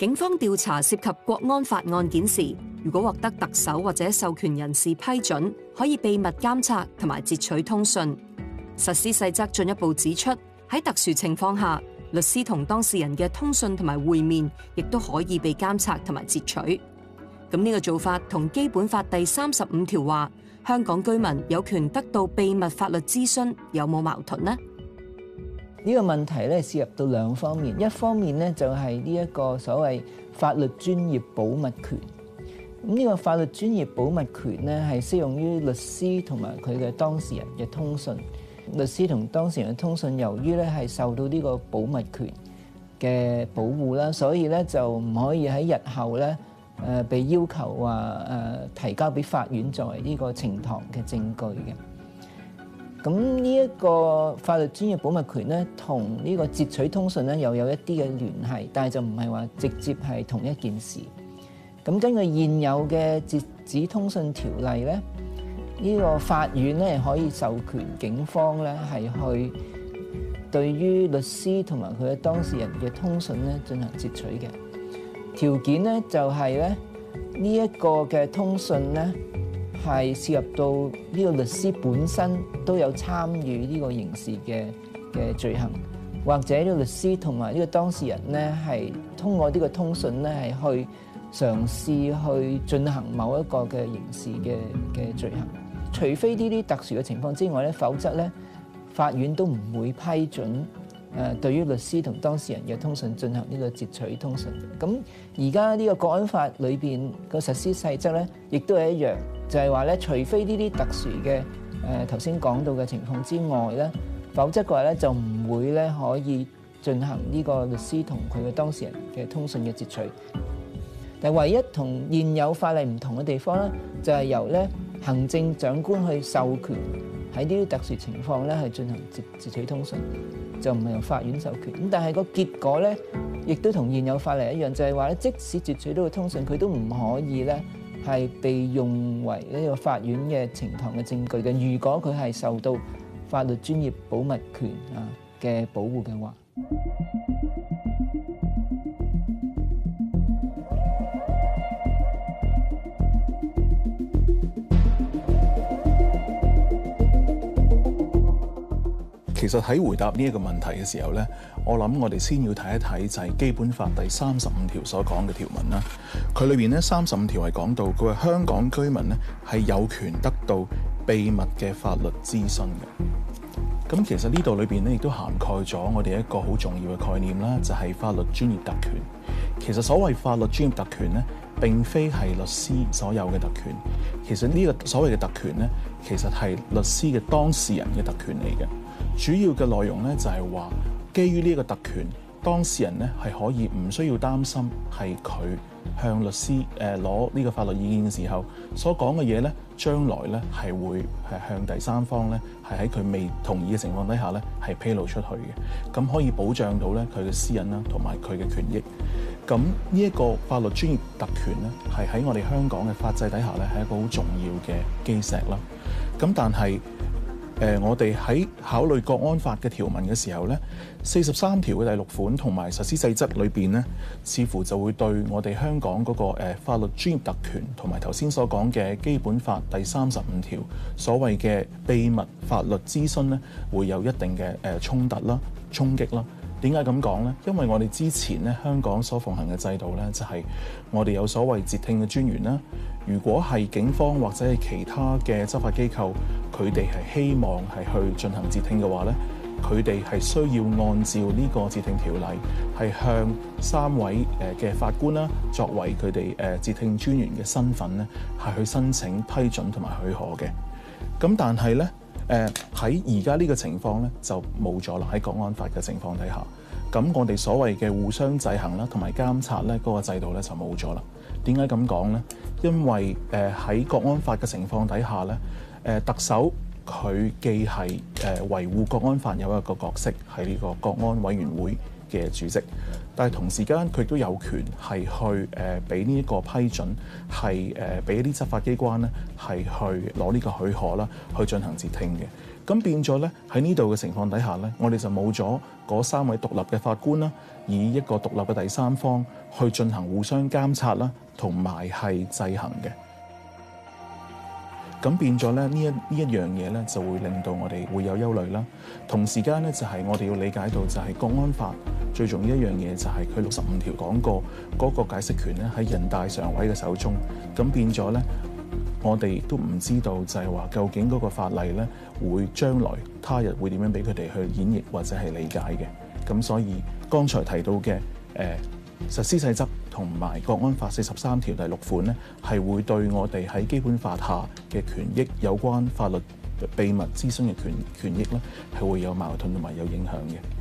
警方調查涉及國安法案件時，如果獲得特首或者授權人士批准，可以秘密監察同埋截取通訊。實施細則進一步指出，喺特殊情況下，律師同當事人嘅通訊同埋會面，亦都可以被監察同埋截取。咁呢個做法同基本法第三十五條話，香港居民有權得到秘密法律諮詢，有冇矛盾呢？呢、這個問題咧涉及到兩方面，一方面咧就係呢一個所謂法律專業保密權。咁、這、呢個法律專業保密權咧係適用於律師同埋佢嘅當事人嘅通訊。律師同當事人嘅通訊由於咧係受到呢個保密權嘅保護啦，所以咧就唔可以喺日後咧誒被要求話誒提交俾法院作為呢個呈堂嘅證據嘅。咁呢一個法律專業保密權咧，同呢個截取通訊咧又有一啲嘅聯繫，但係就唔係話直接係同一件事。咁根據現有嘅截取通訊條例咧，呢個法院咧可以授權警方咧係去對於律師同埋佢嘅當事人嘅通訊咧進行截取嘅條件咧就係咧呢一個嘅通訊咧，係涉及到呢個律師本身都有參與呢個刑事嘅嘅罪行，或者呢個律師同埋呢個當事人呢係通過呢個通訊呢係去嘗試去進行某一個嘅刑事嘅嘅罪行，除非呢啲特殊嘅情況之外呢，否則呢法院都唔會批准。誒對於律師同當事人嘅通訊進行呢個截取通訊，咁而家呢個《國安法》裏邊個實施細則咧，亦都係一樣，就係話咧，除非呢啲特殊嘅誒頭先講到嘅情況之外咧，否則嘅話咧就唔會咧可以進行呢個律師同佢嘅當事人嘅通訊嘅截取。但係唯一同現有法例唔同嘅地方咧，就係由咧行政長官去授權。喺呢啲特殊情況咧，係進行截截取通訊，就唔係由法院授權。咁但係個結果咧，亦都同現有法例一樣，就係話咧，即使截取到個通訊，佢都唔可以咧係被用為呢個法院嘅呈堂嘅證據嘅。如果佢係受到法律專業保密權啊嘅保護嘅話。就其實喺回答呢一個問題嘅時候咧，我諗我哋先要睇一睇就係《基本法》第三十五條所講嘅條文啦。佢裏邊咧，三十五條係講到，佢話香港居民咧係有權得到秘密嘅法律諮詢嘅。咁其實這面呢度裏邊咧亦都涵蓋咗我哋一個好重要嘅概念啦，就係、是、法律專業特權。其實所謂法律專業特權咧，並非係律師所有嘅特權，其實呢個所謂嘅特權咧，其實係律師嘅當事人嘅特權嚟嘅。主要嘅內容咧就係話，基於呢一個特權，當事人咧係可以唔需要擔心係佢向律師誒攞呢個法律意見嘅時候所講嘅嘢咧，將來咧係會係向第三方咧係喺佢未同意嘅情況底下咧係披露出去嘅，咁可以保障到咧佢嘅私隱啦同埋佢嘅權益。咁呢一個法律專業特權咧係喺我哋香港嘅法制底下咧係一個好重要嘅基石啦。咁但係，誒、呃，我哋喺考慮《國安法》嘅條文嘅時候呢，四十三條嘅第六款同埋實施細則裏邊呢，似乎就會對我哋香港嗰個、呃、法律專業特權同埋頭先所講嘅《基本法》第三十五條所謂嘅秘密法律諮詢呢，會有一定嘅誒衝突啦、衝擊啦。點解咁講呢？因為我哋之前呢，香港所奉行嘅制度呢，就係我哋有所謂截聽嘅專員啦。如果係警方或者係其他嘅執法機構，佢哋係希望係去進行截聽嘅話咧，佢哋係需要按照呢個截聽條例，係向三位誒嘅法官啦，作為佢哋誒截聽專員嘅身份咧，係去申請批准同埋許可嘅。咁但係咧，誒喺而家呢個情況咧就冇咗啦。喺《國安法》嘅情況底下，咁我哋所謂嘅互相制衡啦，同埋監察咧嗰個制度咧就冇咗啦。點解咁講呢？因為誒喺、呃、國安法嘅情況底下呢、呃、特首佢既係誒維護國安法有一個角色喺呢個國安委員會。嘅主席，但係同時間，佢都有權係去誒俾呢一個批准係誒俾啲執法機關咧係去攞呢個許可啦，去進行截聽嘅。咁變咗咧喺呢度嘅情況底下咧，我哋就冇咗嗰三位獨立嘅法官啦，以一個獨立嘅第三方去進行互相監察啦，同埋係制衡嘅。咁變咗咧呢一呢一樣嘢咧，就會令到我哋會有憂慮啦。同時間咧，就係、是、我哋要理解到就係國安法。最重要的一樣嘢就係佢六十五條講過嗰、那個解釋權咧喺人大常委嘅手中，咁變咗咧，我哋都唔知道就係話究竟嗰個法例咧會將來他日會點樣俾佢哋去演繹或者係理解嘅。咁所以剛才提到嘅誒、呃、實施細則同埋國安法四十三條第六款咧，係會對我哋喺基本法下嘅權益有關法律秘密諮詢嘅權權益咧係會有矛盾同埋有影響嘅。